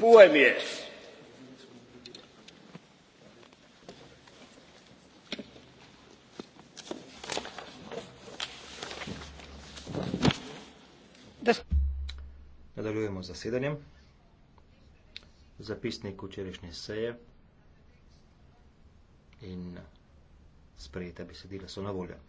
puhemies nadaljujemo z zasedanjem zapisnik včerajšnje seje in sprejeta besedila so na voljo